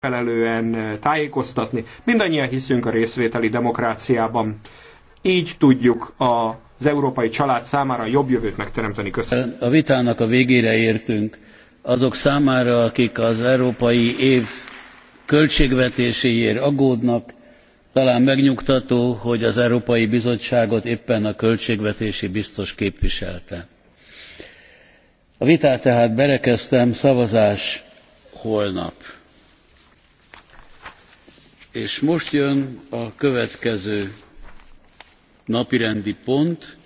megfelelően tájékoztatni. Mindannyian hiszünk a részvételi demokráciában. Így tudjuk az európai család számára a jobb jövőt megteremteni. Köszönöm. A vitának a végére értünk. Azok számára, akik az európai év költségvetéséért aggódnak, talán megnyugtató, hogy az Európai Bizottságot éppen a költségvetési biztos képviselte. A vitát tehát berekeztem, szavazás holnap. És most jön a következő napirendi pont,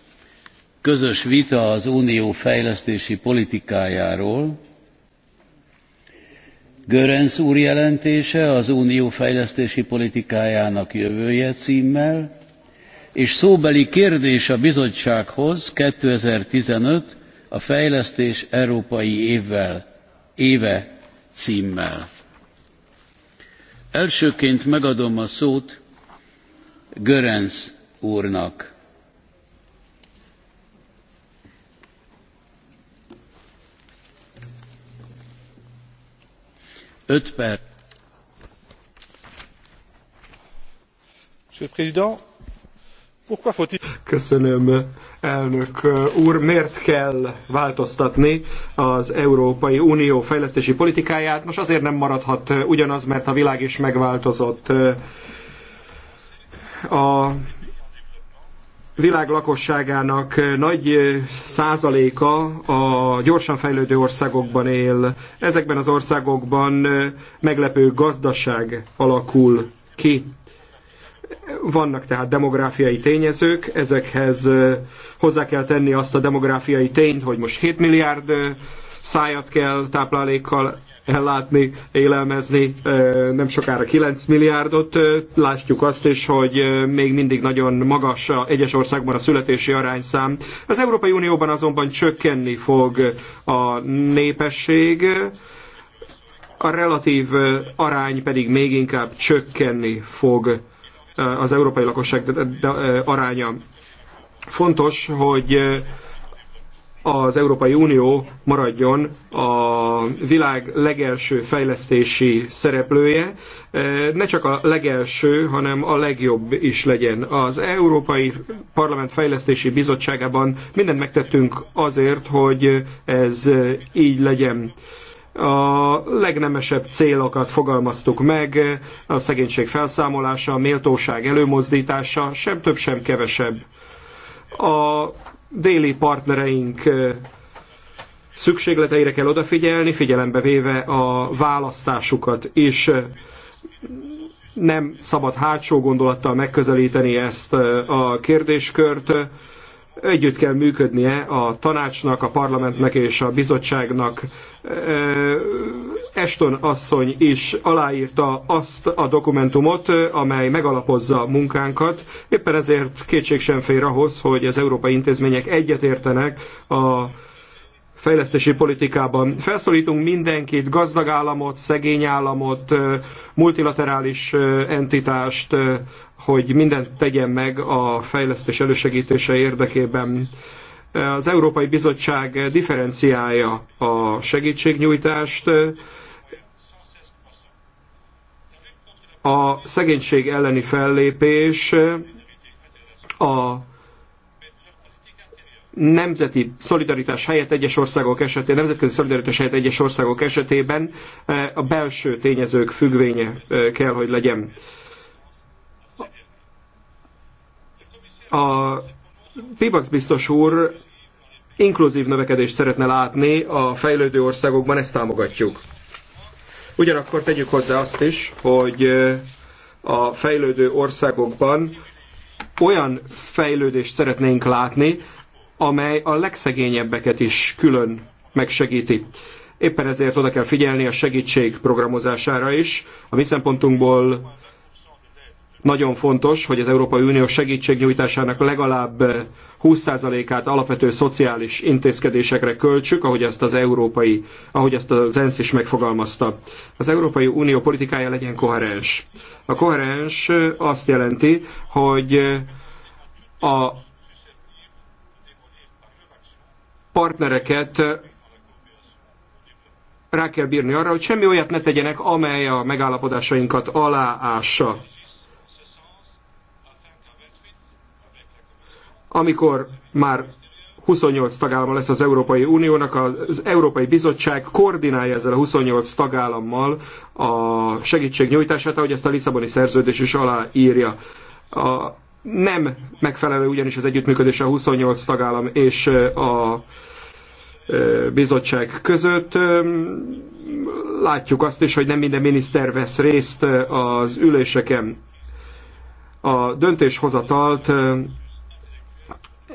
közös vita az unió fejlesztési politikájáról. Görenc úr jelentése az unió fejlesztési politikájának jövője címmel, és szóbeli kérdés a bizottsághoz 2015 a fejlesztés európai évvel, éve címmel. Elsőként megadom a szót Görenc úrnak. Öt perc. Monsieur le Président, Köszönöm, elnök úr. Miért kell változtatni az Európai Unió fejlesztési politikáját? Most azért nem maradhat ugyanaz, mert a világ is megváltozott. A világ lakosságának nagy százaléka a gyorsan fejlődő országokban él. Ezekben az országokban meglepő gazdaság alakul ki vannak tehát demográfiai tényezők, ezekhez hozzá kell tenni azt a demográfiai tényt, hogy most 7 milliárd szájat kell táplálékkal ellátni, élelmezni, nem sokára 9 milliárdot. Látjuk azt is, hogy még mindig nagyon magas a egyes országban a születési arányszám. Az Európai Unióban azonban csökkenni fog a népesség, a relatív arány pedig még inkább csökkenni fog az európai lakosság aránya. Fontos, hogy az Európai Unió maradjon a világ legelső fejlesztési szereplője, ne csak a legelső, hanem a legjobb is legyen. Az Európai Parlament Fejlesztési Bizottságában mindent megtettünk azért, hogy ez így legyen a legnemesebb célokat fogalmaztuk meg, a szegénység felszámolása, a méltóság előmozdítása, sem több, sem kevesebb. A déli partnereink szükségleteire kell odafigyelni, figyelembe véve a választásukat is. Nem szabad hátsó gondolattal megközelíteni ezt a kérdéskört együtt kell működnie a tanácsnak, a parlamentnek és a bizottságnak. Eston asszony is aláírta azt a dokumentumot, amely megalapozza a munkánkat. Éppen ezért kétség sem fér ahhoz, hogy az európai intézmények egyetértenek a fejlesztési politikában. Felszólítunk mindenkit, gazdag államot, szegény államot, multilaterális entitást, hogy mindent tegyen meg a fejlesztés elősegítése érdekében. Az Európai Bizottság differenciálja a segítségnyújtást, a szegénység elleni fellépés, a nemzeti szolidaritás helyett egyes országok esetében, nemzetközi szolidaritás helyett egyes országok esetében eh, a belső tényezők függvénye eh, kell, hogy legyen. A Pibax biztos úr inkluzív növekedést szeretne látni a fejlődő országokban, ezt támogatjuk. Ugyanakkor tegyük hozzá azt is, hogy eh, a fejlődő országokban olyan fejlődést szeretnénk látni, amely a legszegényebbeket is külön megsegíti. Éppen ezért oda kell figyelni a segítség programozására is. A mi szempontunkból nagyon fontos, hogy az Európai Unió segítségnyújtásának legalább 20%-át alapvető szociális intézkedésekre költsük, ahogy ezt az európai, ahogy ezt az ENSZ is megfogalmazta. Az Európai Unió politikája legyen koherens. A koherens azt jelenti, hogy a partnereket rá kell bírni arra, hogy semmi olyat ne tegyenek, amely a megállapodásainkat aláássa. Amikor már 28 tagállama lesz az Európai Uniónak, az Európai Bizottság koordinálja ezzel a 28 tagállammal a segítségnyújtását, ahogy ezt a Lisszaboni szerződés is aláírja. A nem megfelelő ugyanis az együttműködés a 28 tagállam és a bizottság között. Látjuk azt is, hogy nem minden miniszter vesz részt az üléseken. A döntéshozatalt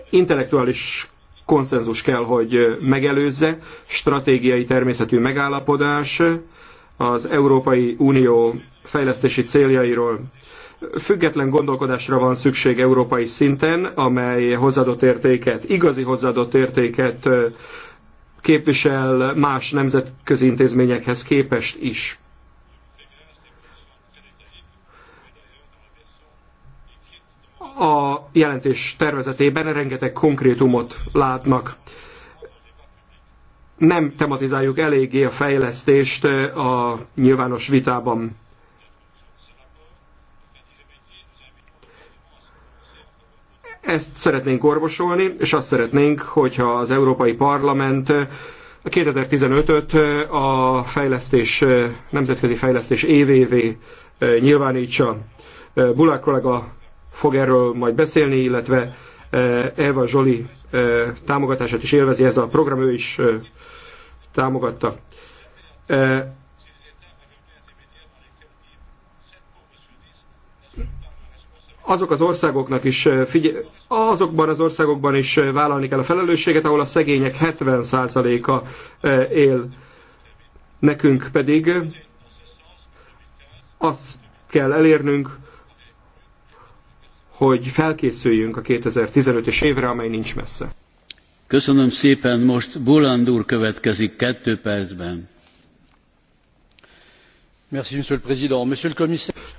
intellektuális konszenzus kell, hogy megelőzze, stratégiai természetű megállapodás az Európai Unió fejlesztési céljairól. Független gondolkodásra van szükség európai szinten, amely hozzáadott értéket, igazi hozzáadott értéket képvisel más nemzetközi intézményekhez képest is. A jelentés tervezetében rengeteg konkrétumot látnak nem tematizáljuk eléggé a fejlesztést a nyilvános vitában. Ezt szeretnénk orvosolni, és azt szeretnénk, hogyha az Európai Parlament a 2015-öt a fejlesztés, nemzetközi fejlesztés évévé eh, nyilvánítsa. Eh, Bulák kollega fog erről majd beszélni, illetve eh, Eva Zsoli támogatását is élvezi ez a program, ő is támogatta. azok az országoknak is figye, azokban az országokban is vállalni kell a felelősséget, ahol a szegények 70%-a él. Nekünk pedig azt kell elérnünk, hogy felkészüljünk a 2015-es évre, amely nincs messze. Köszönöm szépen, most Buland úr következik kettő percben.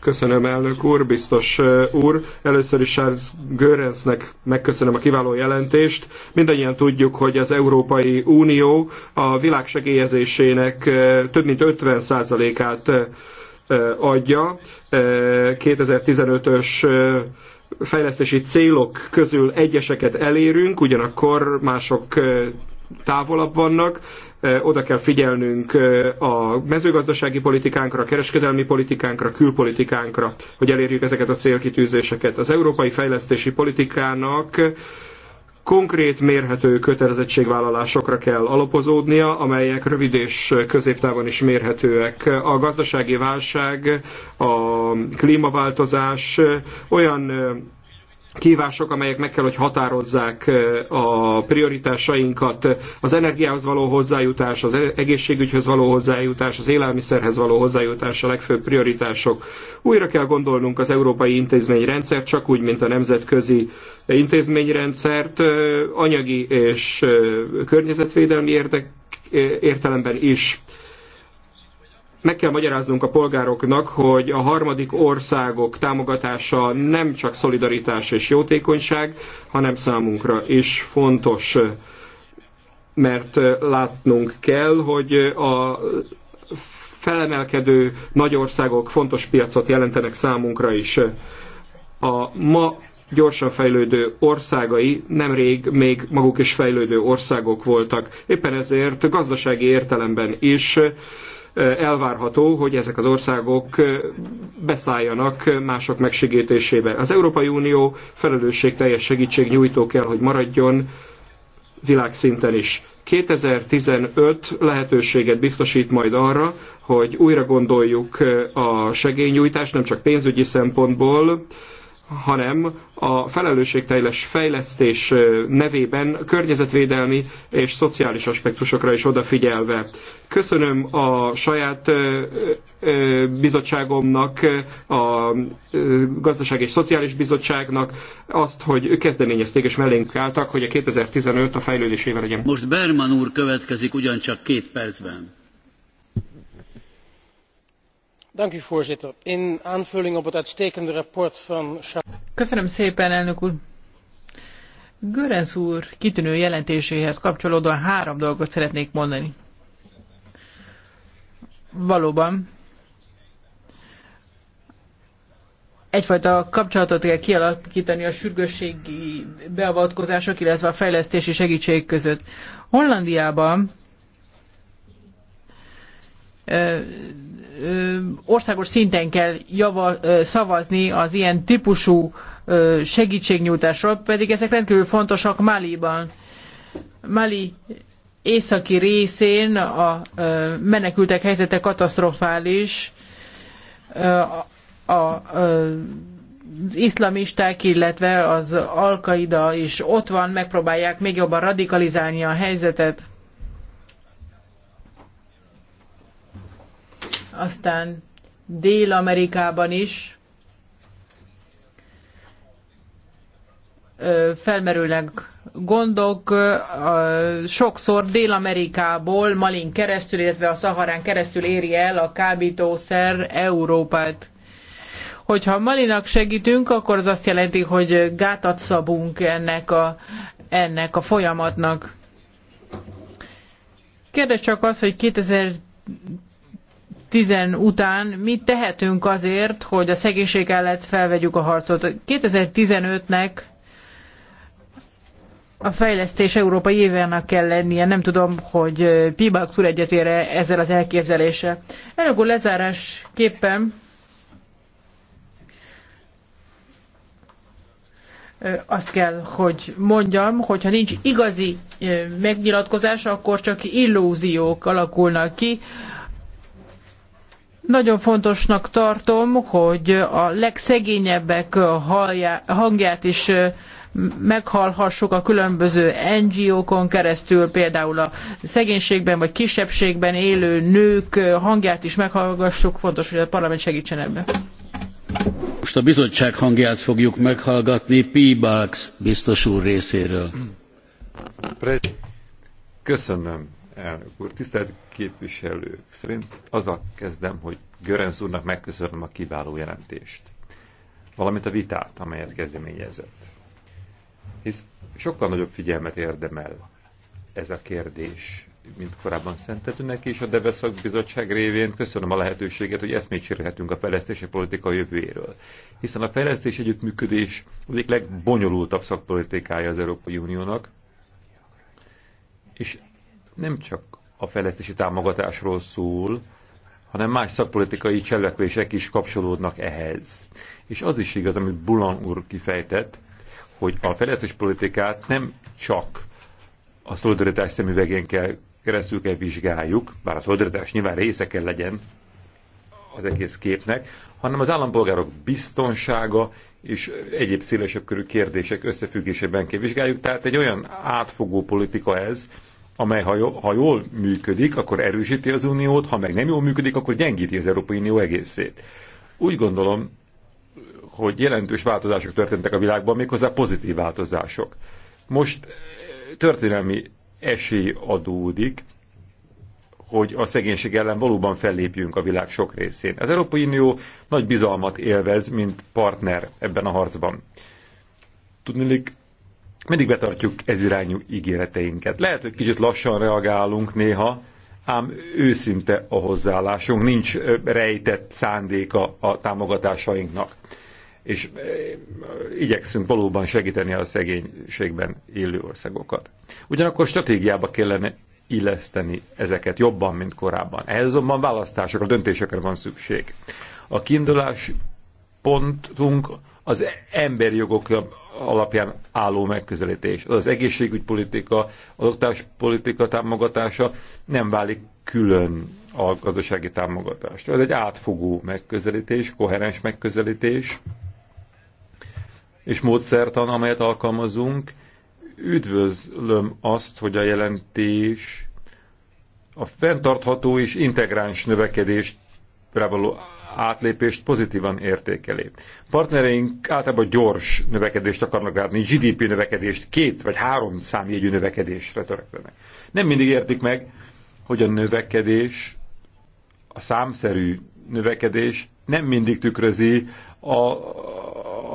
Köszönöm, elnök úr, biztos úr. Először is Charles Görensnek megköszönöm a kiváló jelentést. Mindannyian tudjuk, hogy az Európai Unió a világ segélyezésének több mint 50%-át adja. 2015-ös fejlesztési célok közül egyeseket elérünk, ugyanakkor mások távolabb vannak, oda kell figyelnünk a mezőgazdasági politikánkra, a kereskedelmi politikánkra, külpolitikánkra, hogy elérjük ezeket a célkitűzéseket. Az európai fejlesztési politikának konkrét mérhető kötelezettségvállalásokra kell alapozódnia, amelyek rövid és középtávon is mérhetőek. A gazdasági válság, a klímaváltozás olyan kívások, amelyek meg kell, hogy határozzák a prioritásainkat, az energiához való hozzájutás, az egészségügyhöz való hozzájutás, az élelmiszerhez való hozzájutás a legfőbb prioritások. Újra kell gondolnunk az európai intézményrendszert, csak úgy, mint a nemzetközi intézményrendszert, anyagi és környezetvédelmi érdek értelemben is meg kell magyaráznunk a polgároknak, hogy a harmadik országok támogatása nem csak szolidaritás és jótékonyság, hanem számunkra is fontos, mert látnunk kell, hogy a felemelkedő nagy országok fontos piacot jelentenek számunkra is. A ma gyorsan fejlődő országai nemrég még maguk is fejlődő országok voltak. Éppen ezért gazdasági értelemben is elvárható, hogy ezek az országok beszálljanak mások megsegítésébe. Az Európai Unió felelősségteljes segítségnyújtó kell, hogy maradjon világszinten is. 2015 lehetőséget biztosít majd arra, hogy újra gondoljuk a segélynyújtást, nem csak pénzügyi szempontból, hanem a felelősségteljes fejlesztés nevében környezetvédelmi és szociális aspektusokra is odafigyelve. Köszönöm a saját bizottságomnak, a Gazdaság és Szociális Bizottságnak azt, hogy ők kezdeményezték és mellénk álltak, hogy a 2015 a fejlődésével legyen. Most Berman úr következik ugyancsak két percben voorzitter in aanvulling op het uitstekende verslag van. köszönöm szépen elnök úr! goerens úr kitűnő jelentéséhez kapcsolódóan három dolgot szeretnék mondani. valóban egyfajta kapcsolatot kell kialakítani a sürgősségi beavatkozások, illetve a fejlesztési segítség között. Hollandiában országos szinten kell java, szavazni az ilyen típusú segítségnyújtásról, pedig ezek rendkívül fontosak Maliban. Mali északi részén a menekültek helyzete katasztrofális. az iszlamisták, illetve az alkaida is ott van, megpróbálják még jobban radikalizálni a helyzetet. aztán Dél-Amerikában is felmerülnek gondok. Sokszor Dél-Amerikából, Malin keresztül, illetve a Szaharán keresztül éri el a kábítószer Európát. Hogyha Malinak segítünk, akkor az azt jelenti, hogy gátat szabunk ennek a, ennek a folyamatnak. Kérdés csak az, hogy 2000 10 után mit tehetünk azért, hogy a szegénység ellen felvegyük a harcot. 2015-nek a fejlesztés európai évának kell lennie. Nem tudom, hogy Pibax úr egyetére ezzel az elképzelése. Elnök úr, lezárásképpen azt kell, hogy mondjam, hogy ha nincs igazi megnyilatkozás, akkor csak illúziók alakulnak ki. Nagyon fontosnak tartom, hogy a legszegényebbek hangját is meghallhassuk a különböző NGO-kon keresztül, például a szegénységben vagy kisebbségben élő nők hangját is meghallgassuk. Fontos, hogy a parlament segítsen ebben. Most a bizottság hangját fogjuk meghallgatni P. Barks biztos úr részéről. Köszönöm, elnök úr. Tisztelt képviselők. Szerint azzal kezdem, hogy Görenz úrnak megköszönöm a kiváló jelentést, valamint a vitát, amelyet kezdeményezett. Hisz sokkal nagyobb figyelmet érdemel ez a kérdés, mint korábban szentetőnek is a Deveszak Bizottság révén köszönöm a lehetőséget, hogy eszmét cserélhetünk a fejlesztési politika jövőjéről. Hiszen a fejlesztés együttműködés az egyik legbonyolultabb szakpolitikája az Európai Uniónak, és nem csak a fejlesztési támogatásról szól, hanem más szakpolitikai cselekvések is kapcsolódnak ehhez. És az is igaz, amit Bulan úr kifejtett, hogy a fejlesztés politikát nem csak a szolidaritás szemüvegén kell, keresztül kell vizsgáljuk, bár a szolidaritás nyilván része kell legyen az egész képnek, hanem az állampolgárok biztonsága és egyéb szélesebb körű kérdések összefüggésében kell vizsgáljuk. Tehát egy olyan átfogó politika ez, amely ha, jól, ha jól működik, akkor erősíti az uniót, ha meg nem jól működik, akkor gyengíti az Európai Unió egészét. Úgy gondolom, hogy jelentős változások történtek a világban, méghozzá pozitív változások. Most eh, történelmi esély adódik, hogy a szegénység ellen valóban fellépjünk a világ sok részén. Az Európai Unió nagy bizalmat élvez, mint partner ebben a harcban. Tudnilik, mindig betartjuk ez irányú ígéreteinket. Lehet, hogy kicsit lassan reagálunk néha, ám őszinte a hozzáállásunk, nincs rejtett szándéka a támogatásainknak. És igyekszünk valóban segíteni a szegénységben élő országokat. Ugyanakkor stratégiába kellene illeszteni ezeket jobban, mint korábban. Ehhez azonban választásokra, döntésekre van szükség. A kiindulás pontunk az emberi jogok alapján álló megközelítés. Az egészségügypolitika, az oktáspolitika támogatása nem válik külön a gazdasági támogatást. Ez egy átfogó megközelítés, koherens megközelítés és módszertan, amelyet alkalmazunk. Üdvözlöm azt, hogy a jelentés a fenntartható és integráns növekedésre való átlépést pozitívan értékeli. Partnereink általában gyors növekedést akarnak látni, GDP növekedést, két vagy három számjegyű növekedésre törekszenek. Nem mindig értik meg, hogy a növekedés, a számszerű növekedés nem mindig tükrözi a,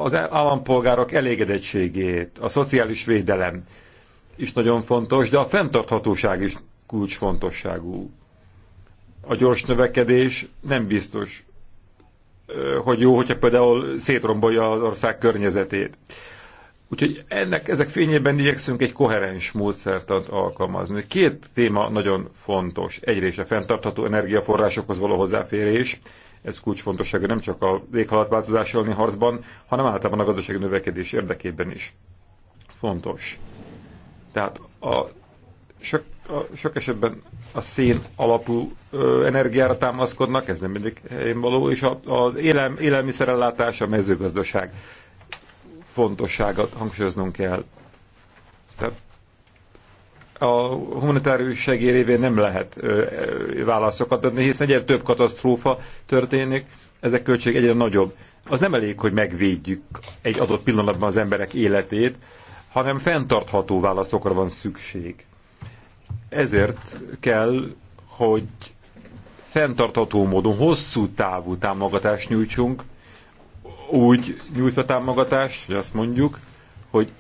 az állampolgárok elégedettségét, a szociális védelem is nagyon fontos, de a fenntarthatóság is kulcsfontosságú. A gyors növekedés nem biztos, hogy jó, hogyha például szétrombolja az ország környezetét. Úgyhogy ennek, ezek fényében igyekszünk egy koherens módszertant alkalmazni. Két téma nagyon fontos. Egyrészt a fenntartható energiaforrásokhoz való hozzáférés, ez kulcsfontosságú nem csak a léghalatváltozás elleni harcban, hanem általában a gazdasági növekedés érdekében is. Fontos. Tehát a, csak a, sok esetben a szén alapú ö, energiára támaszkodnak, ez nem mindig én való, és a, az élel, élelmiszerellátás, a mezőgazdaság fontosságát hangsúlyoznunk kell. Tehát a humanitárius segély révén nem lehet ö, ö, válaszokat adni, hiszen egyre több katasztrófa történik, ezek költség egyre nagyobb. Az nem elég, hogy megvédjük egy adott pillanatban az emberek életét, hanem fenntartható válaszokra van szükség ezért kell, hogy fenntartható módon hosszú távú támogatást nyújtsunk, úgy nyújtva támogatást, hogy azt mondjuk, hogy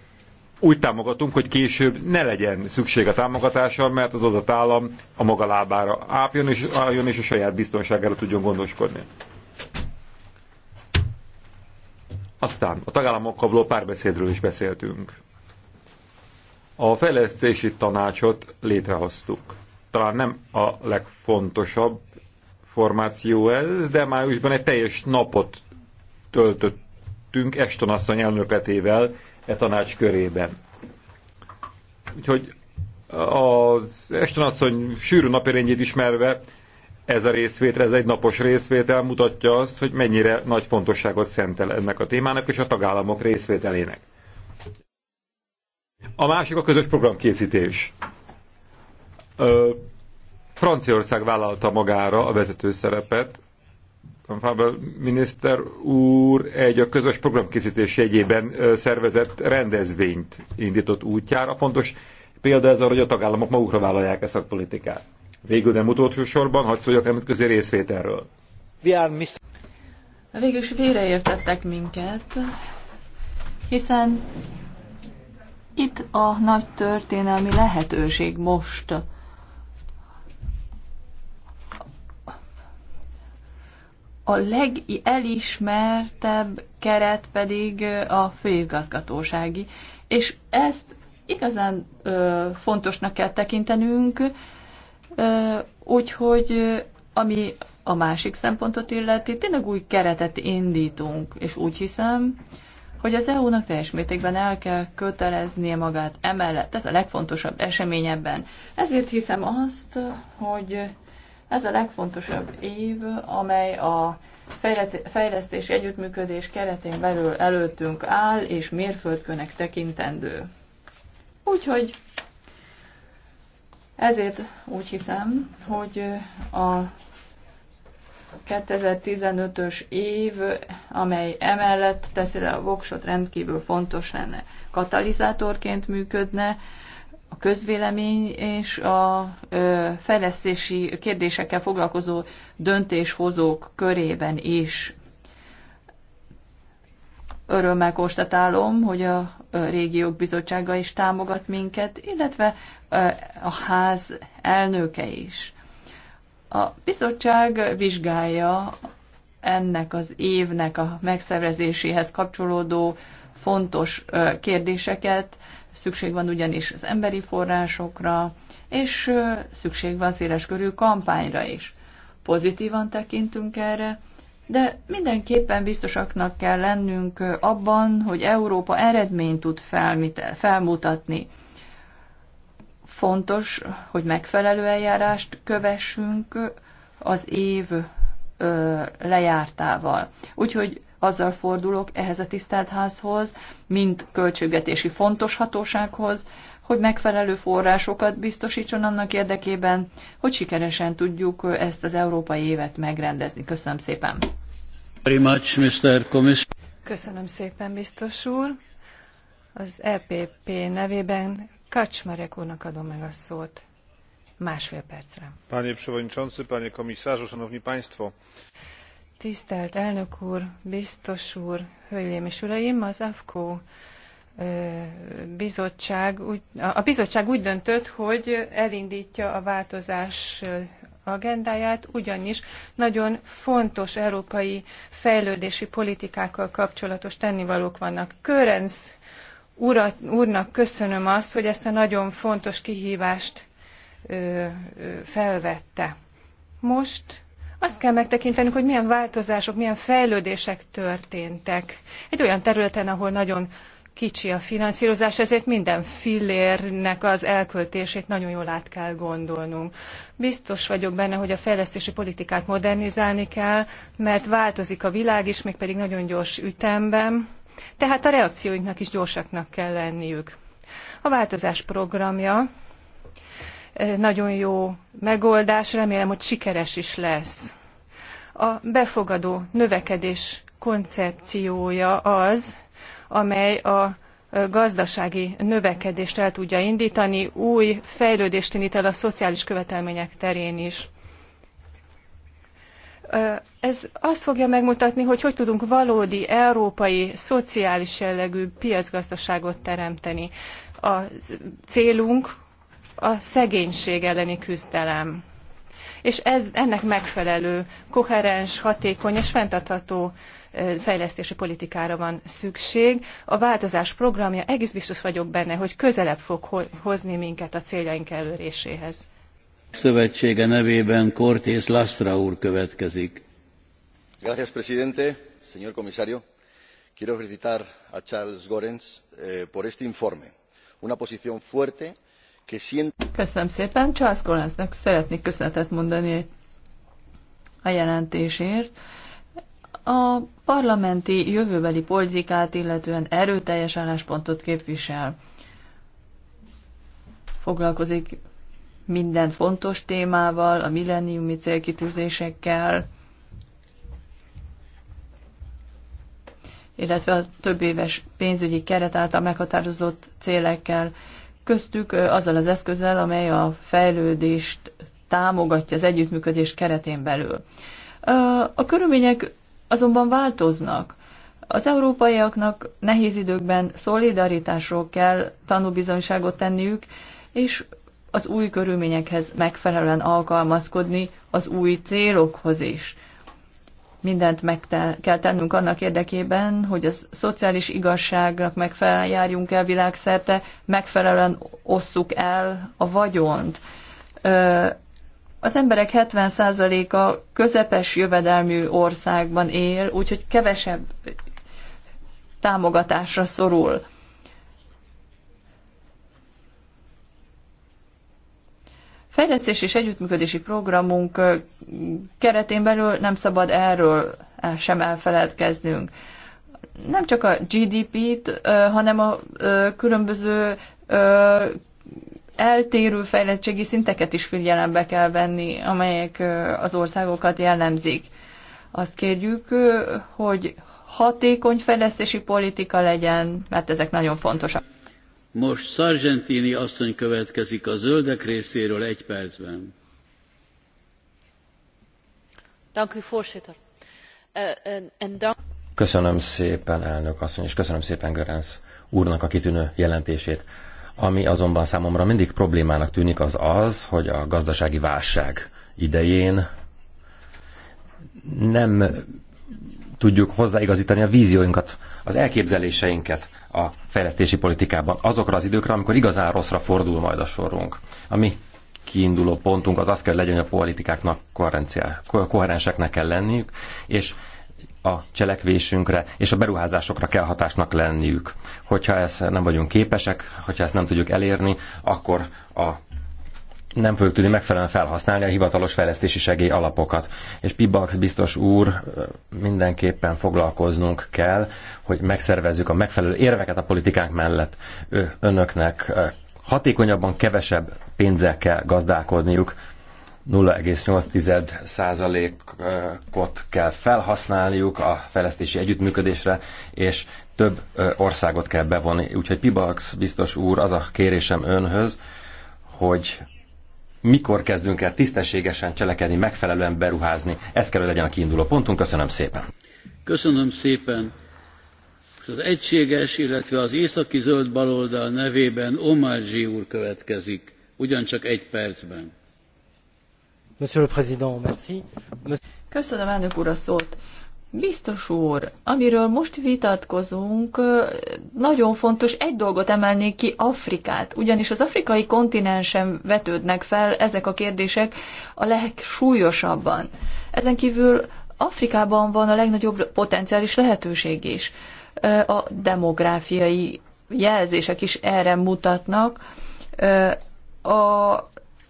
úgy támogatunk, hogy később ne legyen szükség a támogatásra, mert az adott állam a maga lábára ápjon és álljon, és a saját biztonságára tudjon gondoskodni. Aztán a tagállamokkal való párbeszédről is beszéltünk. A fejlesztési tanácsot létrehoztuk. Talán nem a legfontosabb formáció ez, de májusban egy teljes napot töltöttünk Estonasszony elnökletével e tanács körében. Úgyhogy az Estonasszony sűrű napirényét ismerve ez a részvétel, ez egy napos részvétel mutatja azt, hogy mennyire nagy fontosságot szentel ennek a témának és a tagállamok részvételének. A másik a közös programkészítés. Ö, Franciaország vállalta magára a vezető szerepet. Fábel miniszter úr egy a közös programkészítés jegyében szervezett rendezvényt indított útjára. Fontos példa ez arra, hogy a tagállamok magukra vállalják ezt a politikát. Végül nem utolsó sorban, hadd szóljak nemzetközi részvételről. Végül is félreértettek minket, hiszen itt a nagy történelmi lehetőség most. A legelismertebb keret pedig a főigazgatósági, és ezt igazán ö, fontosnak kell tekintenünk, ö, úgyhogy ami a másik szempontot illeti, tényleg új keretet indítunk, és úgy hiszem, hogy az EU-nak teljes mértékben el kell köteleznie magát emellett. Ez a legfontosabb esemény ebben. Ezért hiszem azt, hogy ez a legfontosabb év, amely a fejlesztési együttműködés keretén belül előttünk áll, és mérföldkönek tekintendő. Úgyhogy ezért úgy hiszem, hogy a 2015-ös év, amely emellett teszi le a voksot rendkívül fontos lenne. Katalizátorként működne, a közvélemény és a fejlesztési kérdésekkel foglalkozó döntéshozók körében is. Örömmel konstatálom, hogy a régiók bizottsága is támogat minket, illetve a ház elnöke is. A bizottság vizsgálja ennek az évnek a megszervezéséhez kapcsolódó fontos kérdéseket, szükség van ugyanis az emberi forrásokra, és szükség van körű kampányra is. Pozitívan tekintünk erre, de mindenképpen biztosaknak kell lennünk abban, hogy Európa eredményt tud felmutatni. Fontos, hogy megfelelő eljárást kövessünk az év lejártával. Úgyhogy azzal fordulok ehhez a tisztelt házhoz, mint költségvetési fontos hatósághoz, hogy megfelelő forrásokat biztosítson annak érdekében, hogy sikeresen tudjuk ezt az európai évet megrendezni. Köszönöm szépen! Köszönöm szépen, biztos úr! Az EPP nevében Kacsmarek úrnak adom meg a szót. Másfél percre. Panie Przewodniczący, Panie Komisarzu, Szanowni Państwo! Tisztelt elnök úr, biztos úr, hölgyeim és uraim, az AFKO bizottság a bizottság úgy döntött, hogy elindítja a változás agendáját, ugyanis nagyon fontos európai fejlődési politikákkal kapcsolatos tennivalók vannak. Körenc urat, úrnak köszönöm azt, hogy ezt a nagyon fontos kihívást ö, ö, felvette. Most azt kell megtekintenünk, hogy milyen változások, milyen fejlődések történtek. Egy olyan területen, ahol nagyon kicsi a finanszírozás, ezért minden fillérnek az elköltését nagyon jól át kell gondolnunk. Biztos vagyok benne, hogy a fejlesztési politikát modernizálni kell, mert változik a világ is, mégpedig nagyon gyors ütemben tehát a reakcióinknak is gyorsaknak kell lenniük. A változás programja eh, nagyon jó megoldás, remélem, hogy sikeres is lesz. A befogadó növekedés koncepciója az, amely a eh, gazdasági növekedést el tudja indítani, új fejlődést indít el a szociális követelmények terén is ez azt fogja megmutatni, hogy hogy tudunk valódi európai, szociális jellegű piacgazdaságot teremteni. A célunk a szegénység elleni küzdelem. És ez, ennek megfelelő, koherens, hatékony és fenntartható fejlesztési politikára van szükség. A változás programja, egész biztos vagyok benne, hogy közelebb fog hozni minket a céljaink eléréséhez. Szövetsége nevében Cortés Lastra úr következik. Gracias, presidente, señor comisario. Quiero felicitar a Charles Gorenz eh, por este informe. Una posición fuerte que siente... Köszönöm szépen, Charles Gorenznek szeretnék köszönetet mondani a jelentésért. A parlamenti jövőbeli politikát illetően erőteljes álláspontot képvisel. Foglalkozik minden fontos témával, a milleniumi célkitűzésekkel, illetve a több éves pénzügyi keret által meghatározott célekkel, köztük azzal az eszközzel, amely a fejlődést támogatja az együttműködés keretén belül. A körülmények azonban változnak. Az európaiaknak nehéz időkben szolidaritásról kell tanúbizonyságot tenniük, és az új körülményekhez megfelelően alkalmazkodni az új célokhoz is. Mindent meg kell tennünk annak érdekében, hogy a szociális igazságnak megfelelően járjunk el világszerte, megfelelően osszuk el a vagyont. Az emberek 70%-a közepes jövedelmű országban él, úgyhogy kevesebb támogatásra szorul. Fejlesztés és együttműködési programunk keretén belül nem szabad erről sem elfeledkeznünk. Nem csak a GDP-t, hanem a különböző eltérő fejlettségi szinteket is figyelembe kell venni, amelyek az országokat jellemzik. Azt kérjük, hogy hatékony fejlesztési politika legyen, mert ezek nagyon fontosak. Most Sargentini asszony következik a zöldek részéről egy percben. Eh, eh, köszönöm szépen, elnök asszony, és köszönöm szépen Görenc úrnak a kitűnő jelentését. Ami azonban számomra mindig problémának tűnik az az, hogy a gazdasági válság idején nem tudjuk hozzáigazítani a vízióinkat az elképzeléseinket a fejlesztési politikában azokra az időkre, amikor igazán rosszra fordul majd a sorunk. A mi kiinduló pontunk az az kell, hogy legyen, hogy a politikáknak koherenseknek kell lenniük, és a cselekvésünkre és a beruházásokra kell hatásnak lenniük. Hogyha ezt nem vagyunk képesek, hogyha ezt nem tudjuk elérni, akkor a nem fogjuk tudni megfelelően felhasználni a hivatalos fejlesztési segély alapokat. És Pibax biztos úr, mindenképpen foglalkoznunk kell, hogy megszervezzük a megfelelő érveket a politikánk mellett ő, önöknek hatékonyabban, kevesebb pénzzel kell gazdálkodniuk, 0,8%-ot kell felhasználniuk a fejlesztési együttműködésre, és több országot kell bevonni. Úgyhogy Pibax biztos úr, az a kérésem önhöz, hogy mikor kezdünk el tisztességesen cselekedni, megfelelően beruházni. Ez kell, hogy legyen a kiinduló pontunk. Köszönöm szépen. Köszönöm szépen. Az egységes, illetve az északi zöld baloldal nevében Omarji úr következik, ugyancsak egy percben. Monsieur le Président, merci. Köszönöm elnök úr a szót. Biztos úr, amiről most vitatkozunk, nagyon fontos, egy dolgot emelnék ki, Afrikát. Ugyanis az afrikai kontinensen vetődnek fel ezek a kérdések a legsúlyosabban. Ezen kívül Afrikában van a legnagyobb potenciális lehetőség is. A demográfiai jelzések is erre mutatnak. A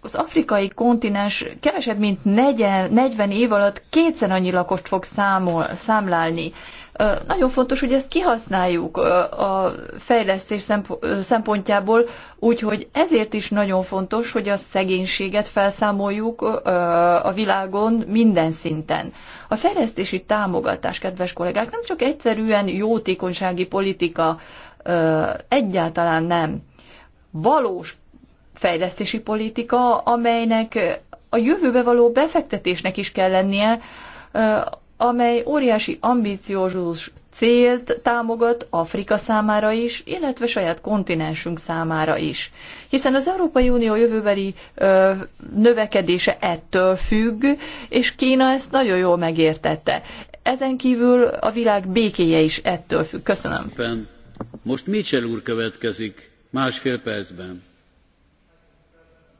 az afrikai kontinens kevesebb, mint 40 év alatt kétszer annyi lakost fog számol, számlálni. Nagyon fontos, hogy ezt kihasználjuk a fejlesztés szempontjából, úgyhogy ezért is nagyon fontos, hogy a szegénységet felszámoljuk a világon minden szinten. A fejlesztési támogatás, kedves kollégák, nem csak egyszerűen jótékonysági politika, egyáltalán nem. Valós fejlesztési politika, amelynek a jövőbe való befektetésnek is kell lennie, amely óriási ambíciózus célt támogat Afrika számára is, illetve saját kontinensünk számára is. Hiszen az Európai Unió jövőbeli ö, növekedése ettől függ, és Kína ezt nagyon jól megértette. Ezen kívül a világ békéje is ettől függ. Köszönöm. Most Mitchell úr következik, másfél percben.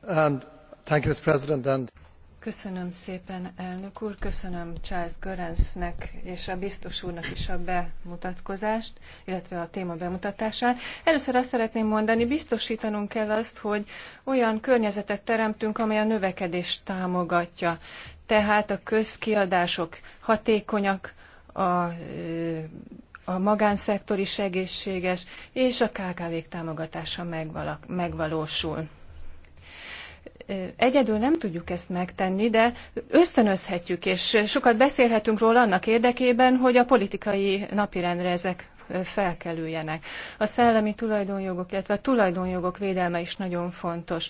Mr. President. And... Köszönöm szépen, elnök úr, köszönöm Charles Görensnek és a biztos úrnak is a bemutatkozást, illetve a téma bemutatását. Először azt szeretném mondani, biztosítanunk kell azt, hogy olyan környezetet teremtünk, amely a növekedést támogatja. Tehát a közkiadások hatékonyak, a, a magánszektor is egészséges, és a KKV-k támogatása megvalósul. Egyedül nem tudjuk ezt megtenni, de ösztönözhetjük, és sokat beszélhetünk róla annak érdekében, hogy a politikai napirendre ezek felkelüljenek. A szellemi tulajdonjogok, illetve a tulajdonjogok védelme is nagyon fontos.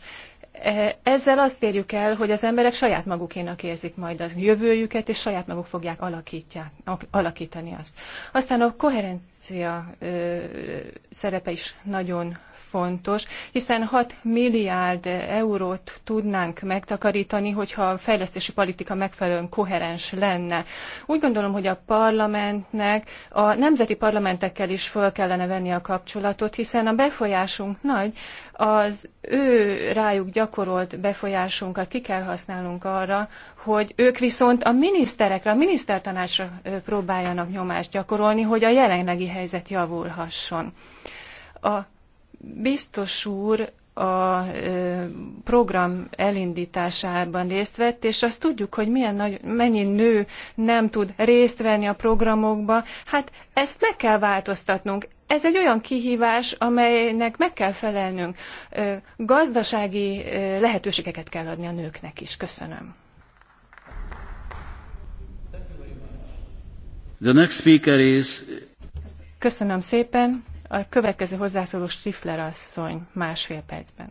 E, ezzel azt érjük el, hogy az emberek saját magukénak érzik majd a jövőjüket, és saját maguk fogják alakítani azt. Aztán a koherencia szerepe is nagyon fontos, hiszen 6 milliárd eurót tudnánk megtakarítani, hogyha a fejlesztési politika megfelelően koherens lenne. Úgy gondolom, hogy a parlamentnek a nemzeti parlamentekkel is föl kellene venni a kapcsolatot, hiszen a befolyásunk nagy, az ő rájuk gyakorolt befolyásunkat ki kell használnunk arra, hogy ők viszont a miniszterekre, a minisztertanácsra próbáljanak nyomást gyakorolni, hogy a jelenlegi helyzet javulhasson. A biztos úr a program elindításában részt vett, és azt tudjuk, hogy milyen nagy, mennyi nő nem tud részt venni a programokba. Hát ezt meg kell változtatnunk. Ez egy olyan kihívás, amelynek meg kell felelnünk. Gazdasági lehetőségeket kell adni a nőknek is. Köszönöm. The next speaker is... Köszönöm szépen. A következő hozzászóló Strifler asszony másfél percben.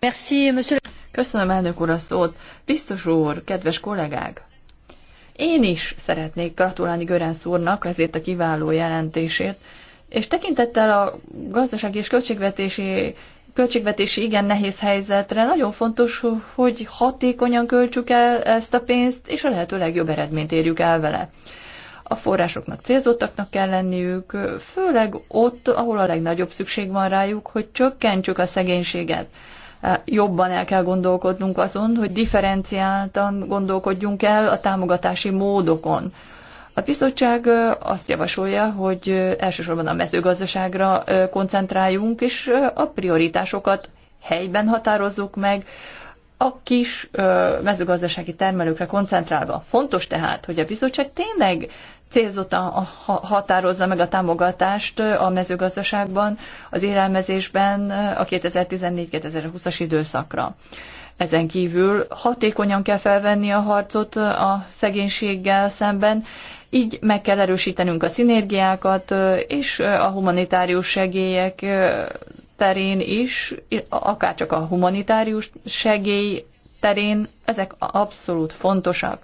Merci, monsieur. Köszönöm, elnök úr, a szót. Biztos úr, kedves kollégák! Én is szeretnék gratulálni Görensz úrnak ezért a kiváló jelentését, és tekintettel a gazdasági és költségvetési költségvetési igen nehéz helyzetre, nagyon fontos, hogy hatékonyan költsük el ezt a pénzt, és a lehető legjobb eredményt érjük el vele a forrásoknak célzottaknak kell lenniük, főleg ott, ahol a legnagyobb szükség van rájuk, hogy csökkentsük a szegénységet. Jobban el kell gondolkodnunk azon, hogy differenciáltan gondolkodjunk el a támogatási módokon. A bizottság azt javasolja, hogy elsősorban a mezőgazdaságra koncentráljunk, és a prioritásokat helyben határozzuk meg, a kis mezőgazdasági termelőkre koncentrálva. Fontos tehát, hogy a bizottság tényleg célzottan határozza meg a támogatást a mezőgazdaságban, az élelmezésben a 2014-2020-as időszakra. Ezen kívül hatékonyan kell felvenni a harcot a szegénységgel szemben, így meg kell erősítenünk a szinergiákat és a humanitárius segélyek terén is, akár csak a humanitárius segély terén, ezek abszolút fontosak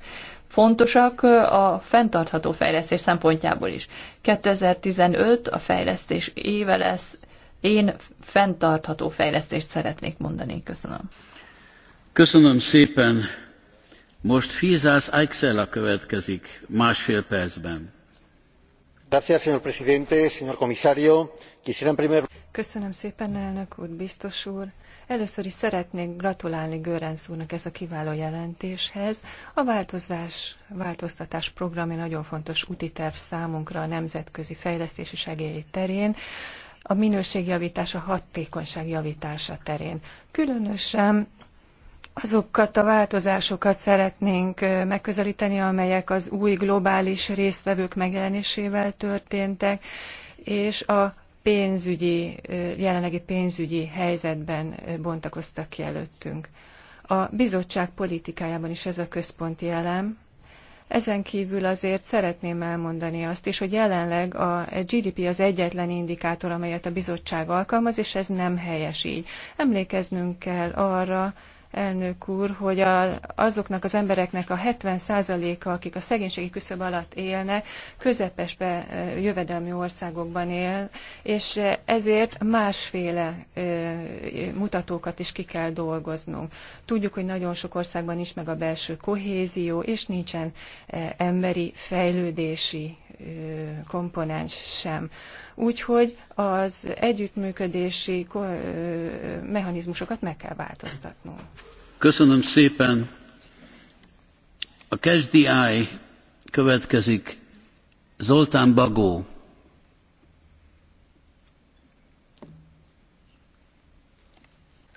fontosak a fenntartható fejlesztés szempontjából is. 2015 a fejlesztés éve lesz. Én fenntartható fejlesztést szeretnék mondani. Köszönöm. Köszönöm szépen. Most Fizász Aixela következik másfél percben. presidente, primer. Köszönöm szépen, elnök úr, biztos úr. Először is szeretnék gratulálni Görenc úrnak ez a kiváló jelentéshez. A változás, változtatás egy nagyon fontos úti terv számunkra a nemzetközi fejlesztési segély terén a minőségjavítás, a hatékonyság javítása terén. Különösen azokat a változásokat szeretnénk megközelíteni, amelyek az új globális résztvevők megjelenésével történtek, és a pénzügyi, jelenlegi pénzügyi helyzetben bontakoztak ki előttünk. A bizottság politikájában is ez a központi elem. Ezen kívül azért szeretném elmondani azt is, hogy jelenleg a GDP az egyetlen indikátor, amelyet a bizottság alkalmaz, és ez nem helyes így. Emlékeznünk kell arra, elnök úr, hogy a, azoknak az embereknek a 70%-a, akik a szegénységi küszöb alatt élnek, közepes jövedelmi országokban él, és ezért másféle mutatókat is ki kell dolgoznunk. Tudjuk, hogy nagyon sok országban is meg a belső kohézió, és nincsen emberi fejlődési komponens sem. Úgyhogy az együttműködési mechanizmusokat meg kell változtatnunk. Köszönöm szépen. A KSDI következik. Zoltán Bagó.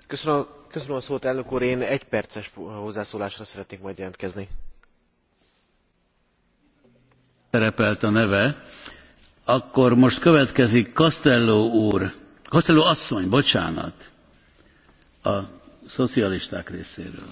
Köszönöm, köszönöm a szót, elnök úr. Én egy perces hozzászólásra szeretnék majd jelentkezni. Szerepelt a neve akkor most következik Castello úr, Castello asszony, bocsánat, a szocialisták részéről.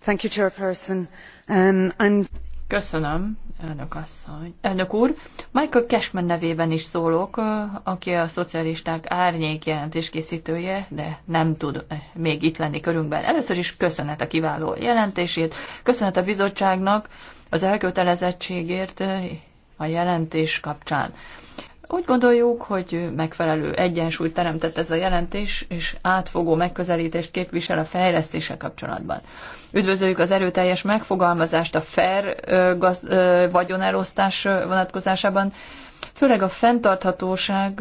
Thank you, Chairperson. Um, I'm... Köszönöm, elnök asszony. Elnök úr, Michael Cashman nevében is szólok, uh, aki a szocialisták árnyék készítője, de nem tud eh, még itt lenni körünkben. Először is köszönet a kiváló jelentését, köszönet a bizottságnak, az elkötelezettségért a jelentés kapcsán. Úgy gondoljuk, hogy megfelelő egyensúlyt teremtett ez a jelentés, és átfogó megközelítést képvisel a fejlesztése kapcsolatban. Üdvözöljük az erőteljes megfogalmazást a fair gaz, vagyonelosztás vonatkozásában, főleg a fenntarthatóság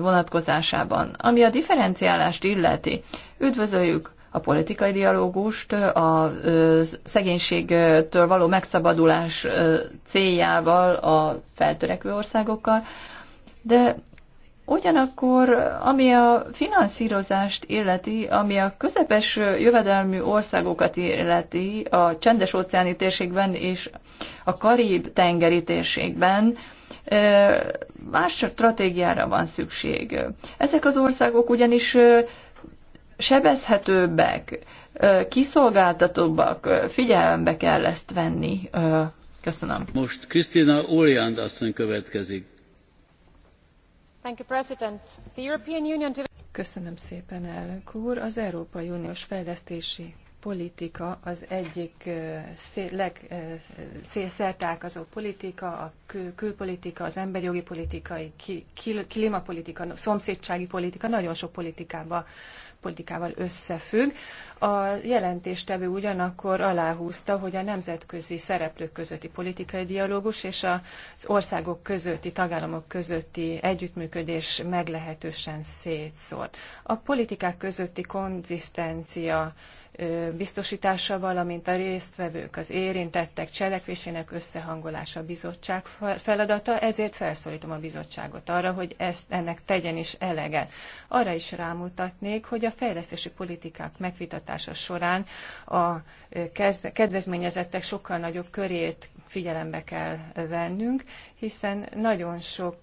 vonatkozásában, ami a differenciálást illeti. Üdvözöljük a politikai dialógust, a szegénységtől való megszabadulás céljával a feltörekvő országokkal, de ugyanakkor, ami a finanszírozást illeti, ami a közepes jövedelmű országokat illeti, a csendes óceáni térségben és a karib tengeri térségben, más stratégiára van szükség. Ezek az országok ugyanis sebezhetőbbek, kiszolgáltatóbbak, figyelembe kell ezt venni. Köszönöm. Most Krisztina Óliánd asszony következik. Köszönöm szépen, elnök úr. Az Európai Uniós Fejlesztési Politika az egyik legszertálkozó politika, a kül külpolitika, az emberi jogi politikai, klímapolitika, szomszédsági politika, nagyon sok politikába politikával összefügg. A jelentéstevő ugyanakkor aláhúzta, hogy a nemzetközi szereplők közötti politikai dialógus és az országok közötti, tagállamok közötti együttműködés meglehetősen szétszórt. A politikák közötti konzisztencia biztosítása, valamint a résztvevők, az érintettek cselekvésének összehangolása a bizottság feladata, ezért felszólítom a bizottságot arra, hogy ezt ennek tegyen is eleget. Arra is rámutatnék, hogy a fejlesztési politikák megvitatása során a kedvezményezettek sokkal nagyobb körét figyelembe kell vennünk, hiszen nagyon sok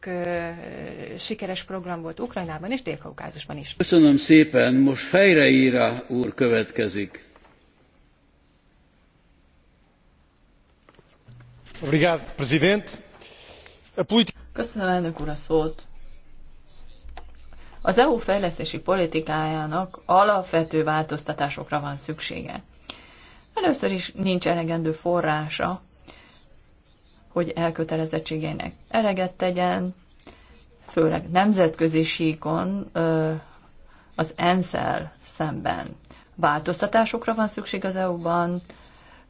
sikeres program volt Ukrajnában és Dél-Kaukázusban is. Köszönöm szépen, most Fejreíra úr következik következik. Köszönöm elnök úr a szót. Az EU fejlesztési politikájának alapvető változtatásokra van szüksége. Először is nincs elegendő forrása, hogy elkötelezettségeinek eleget tegyen, főleg nemzetközi síkon az ensz szemben változtatásokra van szükség az EU-ban,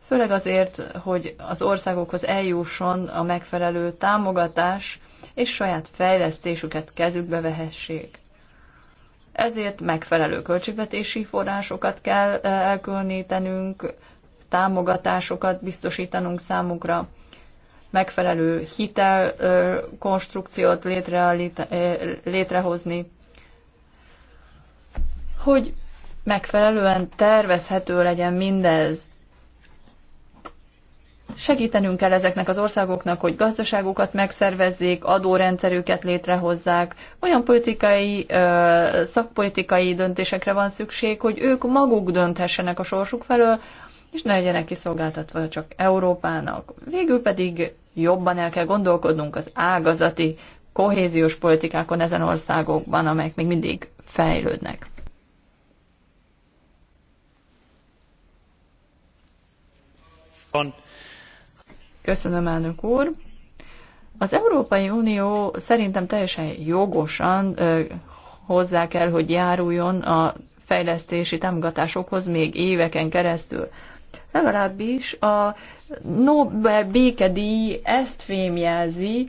főleg azért, hogy az országokhoz eljusson a megfelelő támogatás, és saját fejlesztésüket kezükbe vehessék. Ezért megfelelő költségvetési forrásokat kell e, elkülönítenünk, támogatásokat biztosítanunk számukra, megfelelő hitel e, konstrukciót e, létrehozni, hogy megfelelően tervezhető legyen mindez. Segítenünk kell ezeknek az országoknak, hogy gazdaságukat megszervezzék, adórendszerüket létrehozzák. Olyan politikai, szakpolitikai döntésekre van szükség, hogy ők maguk dönthessenek a sorsuk felől, és ne legyenek kiszolgáltatva csak Európának. Végül pedig jobban el kell gondolkodnunk az ágazati, kohéziós politikákon ezen országokban, amelyek még mindig fejlődnek. Köszönöm, elnök úr. Az Európai Unió szerintem teljesen jogosan ö, hozzá kell, hogy járuljon a fejlesztési támogatásokhoz még éveken keresztül. Legalábbis a Nobel békedíj ezt fémjelzi,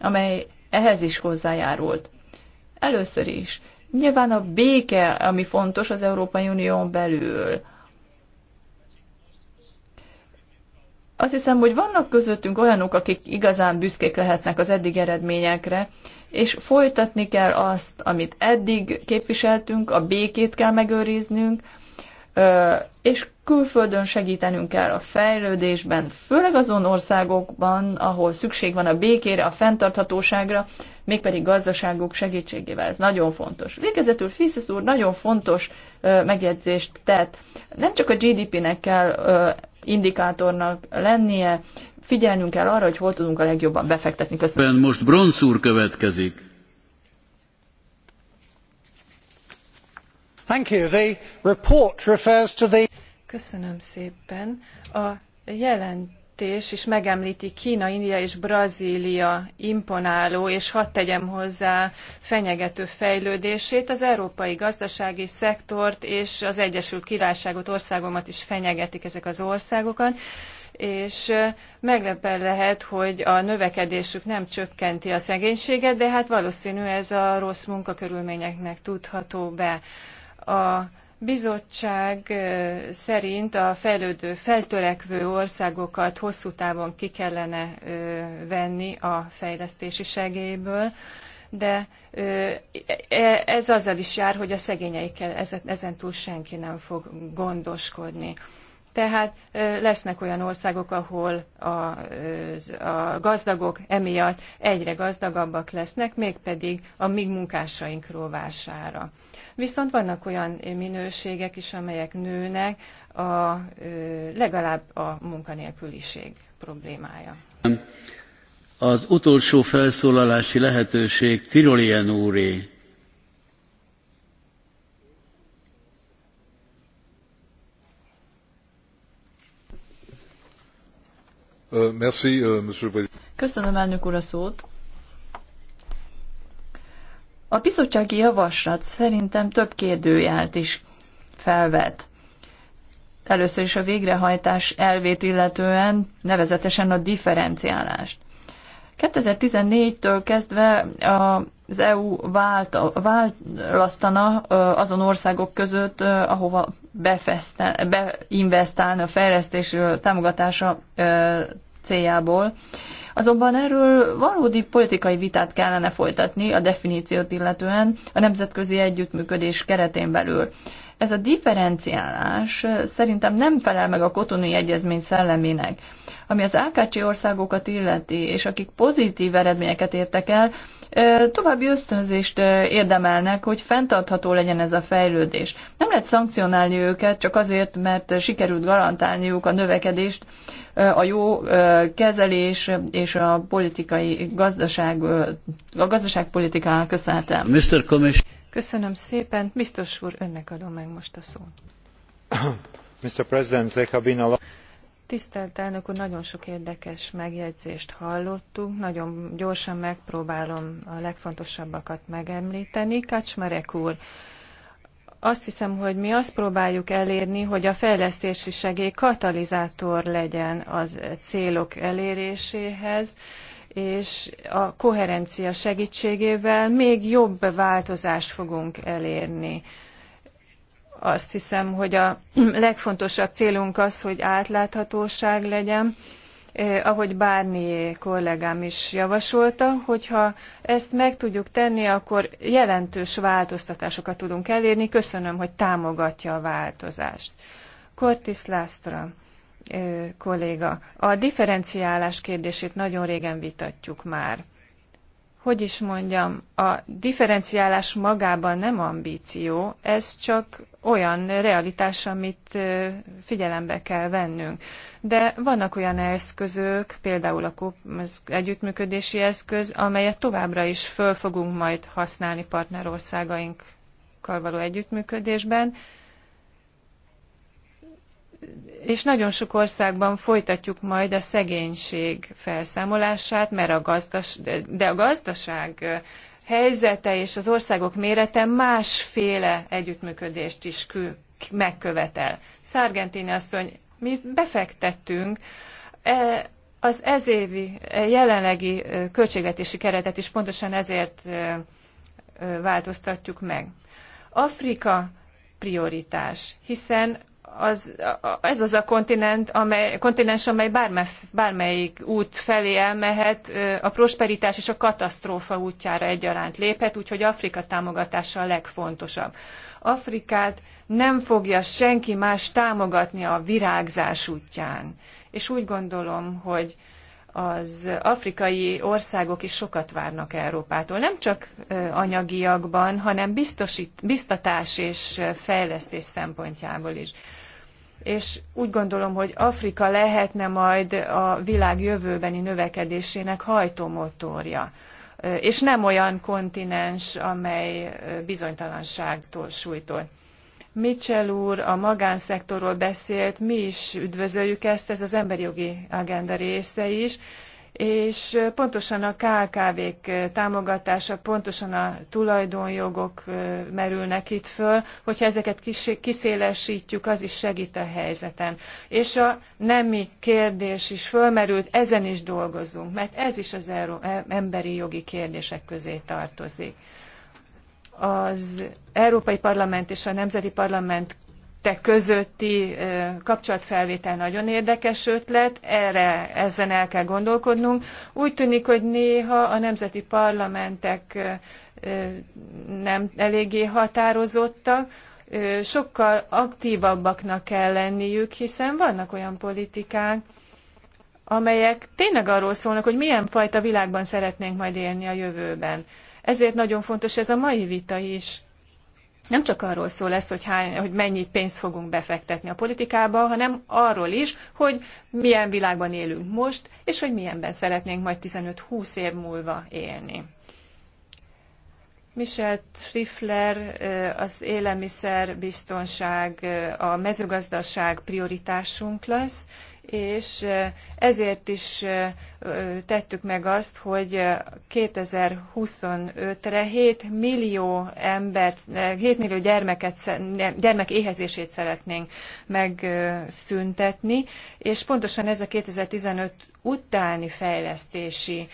amely ehhez is hozzájárult. Először is. Nyilván a béke, ami fontos az Európai Unión belül Azt hiszem, hogy vannak közöttünk olyanok, akik igazán büszkék lehetnek az eddig eredményekre, és folytatni kell azt, amit eddig képviseltünk, a békét kell megőriznünk, és Külföldön segítenünk kell a fejlődésben, főleg azon országokban, ahol szükség van a békére, a fenntarthatóságra, mégpedig gazdaságok segítségével. Ez nagyon fontos. Végezetül Fiszesz úr nagyon fontos ö, megjegyzést tett. Nem csak a GDP-nek kell ö, indikátornak lennie, figyelnünk kell arra, hogy hol tudunk a legjobban befektetni. Köszönöm. Most Bronz úr következik. Thank you. The report refers to the Köszönöm szépen. A jelentés is megemlíti Kína, India és Brazília imponáló, és hadd tegyem hozzá fenyegető fejlődését, az európai gazdasági szektort és az Egyesült Királyságot, országomat is fenyegetik ezek az országokon és meglepő lehet, hogy a növekedésük nem csökkenti a szegénységet, de hát valószínű ez a rossz munkakörülményeknek tudható be. A bizottság szerint a fejlődő, feltörekvő országokat hosszú távon ki kellene venni a fejlesztési segélyből, de e, ez azzal is jár, hogy a szegényeikkel ezentúl senki nem fog gondoskodni. Tehát lesznek olyan országok, ahol a, a gazdagok emiatt egyre gazdagabbak lesznek, mégpedig a mi munkásainkról rovására. Viszont vannak olyan minőségek is, amelyek nőnek, a, legalább a munkanélküliség problémája. Az utolsó felszólalási lehetőség Tirolien úré. Euh, euh, Köszönöm, elnök úr, a szót. A bizottsági javaslat szerintem több kérdőjelt is felvet. Először is a végrehajtás elvét illetően, nevezetesen a differenciálást. 2014-től kezdve az EU vált, választana azon országok között, ahova beinvestálni a fejlesztés támogatása céljából. Azonban erről valódi politikai vitát kellene folytatni a definíciót illetően a nemzetközi együttműködés keretén belül ez a differenciálás szerintem nem felel meg a kotonai egyezmény szellemének. Ami az AKC országokat illeti, és akik pozitív eredményeket értek el, további ösztönzést érdemelnek, hogy fenntartható legyen ez a fejlődés. Nem lehet szankcionálni őket csak azért, mert sikerült garantálniuk a növekedést, a jó kezelés és a politikai gazdaság, a gazdaságpolitikának köszönhetem. Mr. Commission. Köszönöm szépen. Biztos úr, önnek adom meg most a szót. Mr. President, Tisztelt elnök úr, nagyon sok érdekes megjegyzést hallottunk. Nagyon gyorsan megpróbálom a legfontosabbakat megemlíteni. Kacsmarek úr, azt hiszem, hogy mi azt próbáljuk elérni, hogy a fejlesztési segély katalizátor legyen az célok eléréséhez, és a koherencia segítségével még jobb változást fogunk elérni. Azt hiszem, hogy a legfontosabb célunk az, hogy átláthatóság legyen, eh, ahogy Bárnié kollégám is javasolta, hogyha ezt meg tudjuk tenni, akkor jelentős változtatásokat tudunk elérni. Köszönöm, hogy támogatja a változást. Kortis Lásztra kolléga. A differenciálás kérdését nagyon régen vitatjuk már. Hogy is mondjam, a differenciálás magában nem ambíció, ez csak olyan realitás, amit figyelembe kell vennünk. De vannak olyan eszközök, például a együttműködési eszköz, amelyet továbbra is föl fogunk majd használni partnerországainkkal való együttműködésben, és nagyon sok országban folytatjuk majd a szegénység felszámolását, mert a gazdas, de a gazdaság helyzete és az országok mérete másféle együttműködést is kül, megkövetel. Szargentini asszony, mi befektettünk, e, az ezévi e, jelenlegi e, költségvetési keretet is pontosan ezért változtatjuk meg. Afrika prioritás, hiszen az, ez az a kontinent, amely, kontinens, amely bármely, bármelyik út felé elmehet, a prosperitás és a katasztrófa útjára egyaránt léphet, úgyhogy Afrika támogatása a legfontosabb. Afrikát nem fogja senki más támogatni a virágzás útján. És úgy gondolom, hogy az afrikai országok is sokat várnak Európától, nem csak anyagiakban, hanem biztosít, biztatás és fejlesztés szempontjából is és úgy gondolom, hogy Afrika lehetne majd a világ jövőbeni növekedésének hajtómotorja, és nem olyan kontinens, amely bizonytalanságtól sújtott. Mitchell úr a magánszektorról beszélt, mi is üdvözöljük ezt, ez az emberi jogi agenda része is, és pontosan a KKV-k támogatása, pontosan a tulajdonjogok merülnek itt föl, hogyha ezeket kiszélesítjük, az is segít a helyzeten. És a nemi kérdés is fölmerült, ezen is dolgozunk, mert ez is az e, emberi jogi kérdések közé tartozik az Európai Parlament és a Nemzeti Parlament te közötti kapcsolatfelvétel nagyon érdekes ötlet, erre ezen el kell gondolkodnunk. Úgy tűnik, hogy néha a nemzeti parlamentek nem eléggé határozottak, sokkal aktívabbaknak kell lenniük, hiszen vannak olyan politikák, amelyek tényleg arról szólnak, hogy milyen fajta világban szeretnénk majd élni a jövőben. Ezért nagyon fontos ez a mai vita is nem csak arról szól, lesz, hogy, hány, hogy mennyi pénzt fogunk befektetni a politikába, hanem arról is, hogy milyen világban élünk most, és hogy milyenben szeretnénk majd 15-20 év múlva élni. Michel Trifler az élelmiszer, biztonság, a mezőgazdaság prioritásunk lesz, és ezért is tettük meg azt, hogy 2025-re 7 millió embert, 7 millió gyermeket, gyermek éhezését szeretnénk megszüntetni, és pontosan ez a 2015 utáni fejlesztési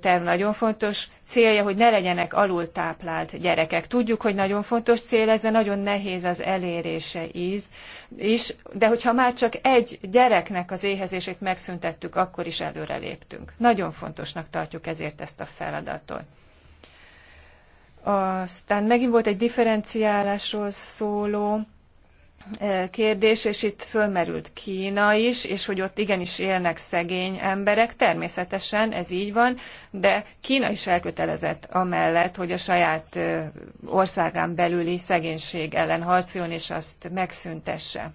terv nagyon fontos célja, hogy ne legyenek alultáplált gyerekek. Tudjuk, hogy nagyon fontos cél ez, de nagyon nehéz az elérése íz is, de hogyha már csak egy gyereknek az éhezését megszüntettük, akkor is előreléptünk. Nagyon fontosnak tartjuk ezért ezt a feladatot. Aztán megint volt egy differenciálásról szóló kérdés, és itt fölmerült Kína is, és hogy ott igenis élnek szegény emberek. Természetesen ez így van, de Kína is elkötelezett amellett, hogy a saját országán belüli szegénység ellen harcoljon, és azt megszüntesse.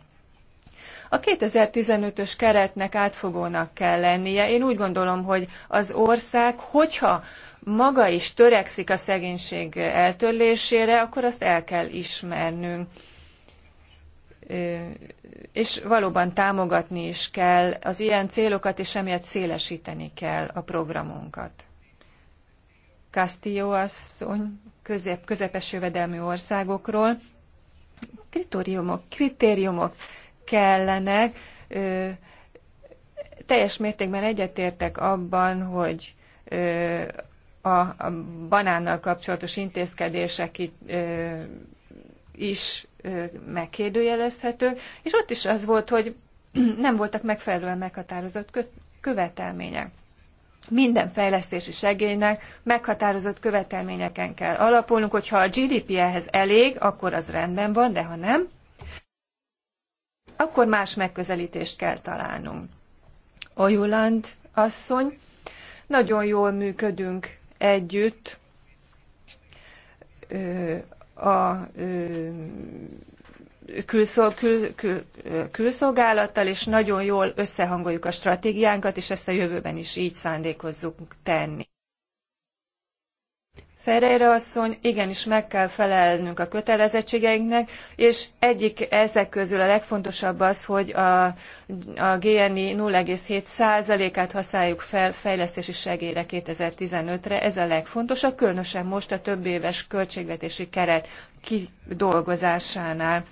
A 2015-ös keretnek átfogónak kell lennie. Én úgy gondolom, hogy az ország, hogyha maga is törekszik a szegénység eltörlésére, akkor azt el kell ismernünk és valóban támogatni is kell az ilyen célokat, és emiatt szélesíteni kell a programunkat. Castillo asszony közép, közepes jövedelmű országokról kritériumok, kritériumok kellenek. Ö, teljes mértékben egyetértek abban, hogy ö, a, a banánnal kapcsolatos intézkedések itt ö, is megkérdőjelezhetők, és ott is az volt, hogy nem voltak megfelelően meghatározott követelmények. Minden fejlesztési segélynek meghatározott követelményeken kell alapulnunk, hogyha a GDP ehhez elég, akkor az rendben van, de ha nem, akkor más megközelítést kell találnunk. Ojuland asszony, nagyon jól működünk együtt a külszol, kül, kül, külszolgálattal, és nagyon jól összehangoljuk a stratégiánkat, és ezt a jövőben is így szándékozzuk tenni. Ferreira asszony, igenis meg kell felelnünk a kötelezettségeinknek, és egyik ezek közül a legfontosabb az, hogy a, a GNI 0,7%-át használjuk fel fejlesztési segélyre 2015-re. Ez a legfontosabb, különösen most a több éves költségvetési keret kidolgozásánál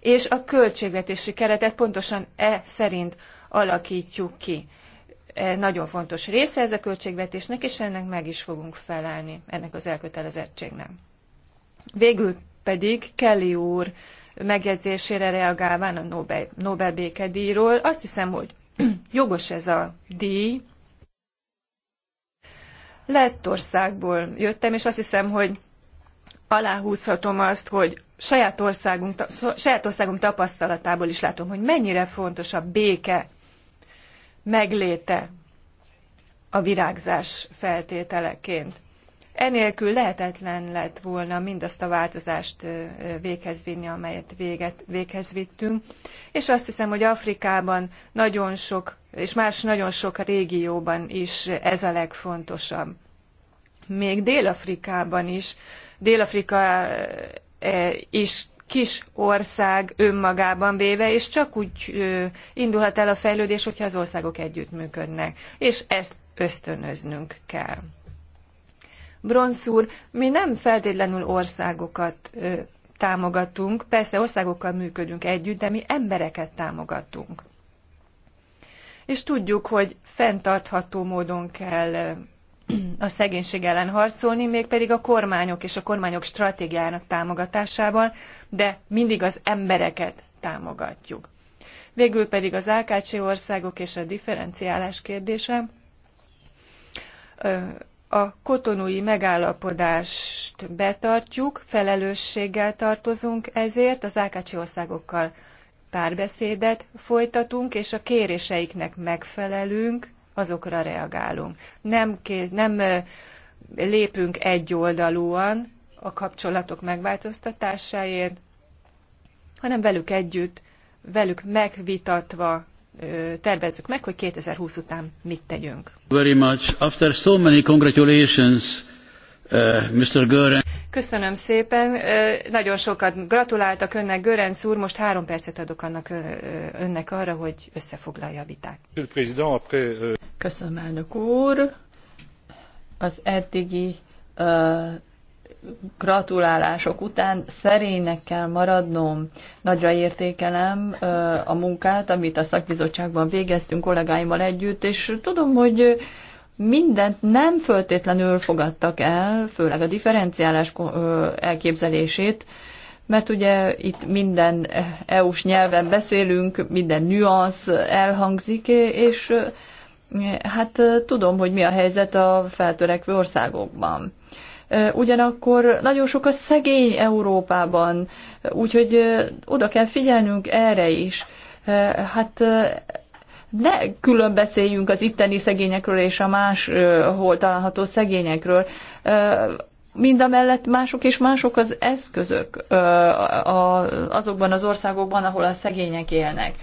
és a költségvetési keretet pontosan e szerint alakítjuk ki. E nagyon fontos része ez a költségvetésnek, és ennek meg is fogunk felelni, ennek az elkötelezettségnek. Végül pedig Kelly úr megjegyzésére reagálván a Nobel, Nobel békedíjról, azt hiszem, hogy jogos ez a díj. Lettországból jöttem, és azt hiszem, hogy aláhúzhatom azt, hogy saját, országunk, saját tapasztalatából is látom, hogy mennyire fontos a béke megléte a virágzás feltételeként. Enélkül lehetetlen lett volna mindazt a változást véghez vinni, amelyet véget, véghez vittünk. És azt hiszem, hogy Afrikában nagyon sok, és más nagyon sok régióban is ez a legfontosabb. Még Dél-Afrikában is, Dél-Afrika E, is kis ország önmagában véve, és csak úgy indulhat el a fejlődés, hogyha az országok együttműködnek. És ezt ösztönöznünk kell. Bronsz úr, mi nem feltétlenül országokat ö, támogatunk, persze országokkal működünk együtt, de mi embereket támogatunk. És tudjuk, hogy fenntartható módon kell a szegénység ellen harcolni, mégpedig a kormányok és a kormányok stratégiának támogatásával, de mindig az embereket támogatjuk. Végül pedig az AKC országok és a differenciálás kérdése. A kotonui megállapodást betartjuk, felelősséggel tartozunk ezért, az AKC országokkal párbeszédet folytatunk, és a kéréseiknek megfelelünk, azokra reagálunk. Nem, kéz, nem lépünk egyoldalúan a kapcsolatok megváltoztatásáért, hanem velük együtt, velük megvitatva tervezzük meg, hogy 2020 után mit tegyünk. Very much. After so many congratulations Köszönöm szépen. Nagyon sokat gratuláltak önnek, Görenc úr. Most három percet adok annak önnek arra, hogy összefoglalja a vitát. Euh- Köszönöm, elnök úr. Az eddigi uh, gratulálások után szerénynek kell maradnom. Nagyra értékelem uh, a munkát, amit a szakbizottságban végeztünk kollégáimmal együtt, és tudom, hogy mindent nem föltétlenül fogadtak el, főleg a differenciálás elképzelését, mert ugye itt minden EU-s nyelven beszélünk, minden nüansz elhangzik, és hát tudom, hogy mi a helyzet a feltörekvő országokban. Ugyanakkor nagyon sok a szegény Európában, úgyhogy oda kell figyelnünk erre is. Hát ne külön beszéljünk az itteni szegényekről és a máshol található szegényekről. Mind a mellett mások és mások az eszközök azokban az országokban, ahol a szegények élnek.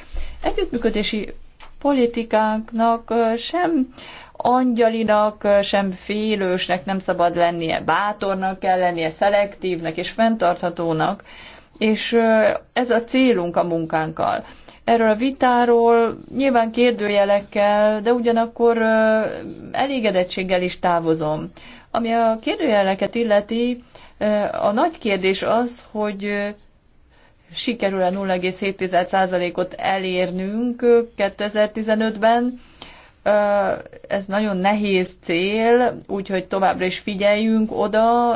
Együttműködési politikánknak sem angyalinak, sem félősnek nem szabad lennie, bátornak kell lennie, szelektívnek és fenntarthatónak, és ez a célunk a munkánkkal erről a vitáról, nyilván kérdőjelekkel, de ugyanakkor elégedettséggel is távozom. Ami a kérdőjeleket illeti, a nagy kérdés az, hogy sikerül-e 0,7%-ot elérnünk 2015-ben. Ez nagyon nehéz cél, úgyhogy továbbra is figyeljünk oda,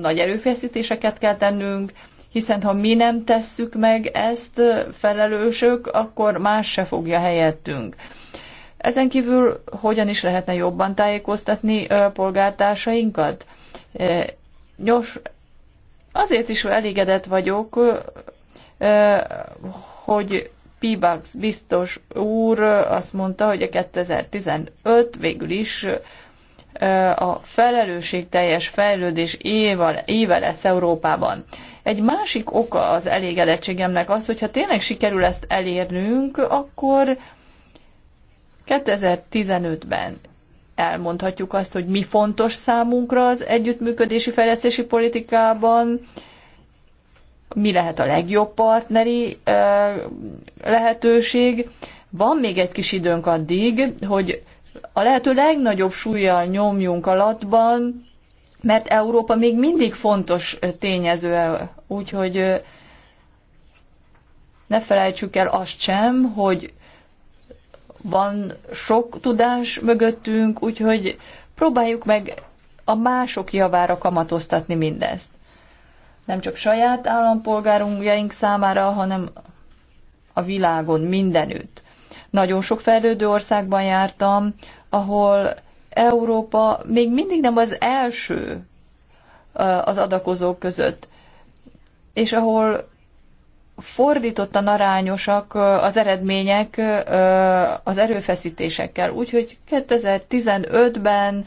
nagy erőfeszítéseket kell tennünk, hiszen ha mi nem tesszük meg ezt felelősök, akkor más se fogja helyettünk. Ezen kívül hogyan is lehetne jobban tájékoztatni polgártársainkat? Nos, azért is elégedett vagyok, hogy Pibax biztos úr azt mondta, hogy a 2015 végül is a felelősségteljes fejlődés éve lesz Európában. Egy másik oka az elégedettségemnek az, hogyha tényleg sikerül ezt elérnünk, akkor 2015-ben elmondhatjuk azt, hogy mi fontos számunkra az együttműködési fejlesztési politikában, mi lehet a legjobb partneri lehetőség. Van még egy kis időnk addig, hogy a lehető legnagyobb súlyjal nyomjunk alatban, mert Európa még mindig fontos tényező Úgyhogy ne felejtsük el azt sem, hogy van sok tudás mögöttünk, úgyhogy próbáljuk meg a mások javára kamatoztatni mindezt. Nem csak saját állampolgárunkjaink számára, hanem a világon mindenütt. Nagyon sok fejlődő országban jártam, ahol Európa még mindig nem az első az adakozók között és ahol fordítottan arányosak az eredmények az erőfeszítésekkel. Úgyhogy 2015-ben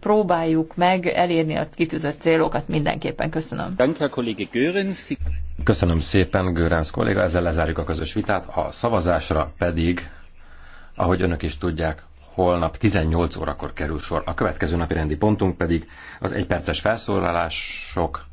próbáljuk meg elérni a kitűzött célokat mindenképpen. Köszönöm. Köszönöm szépen, Görenc kolléga. Ezzel lezárjuk a közös vitát. A szavazásra pedig, ahogy önök is tudják, holnap 18 órakor kerül sor. A következő napi rendi pontunk pedig az egyperces felszólalások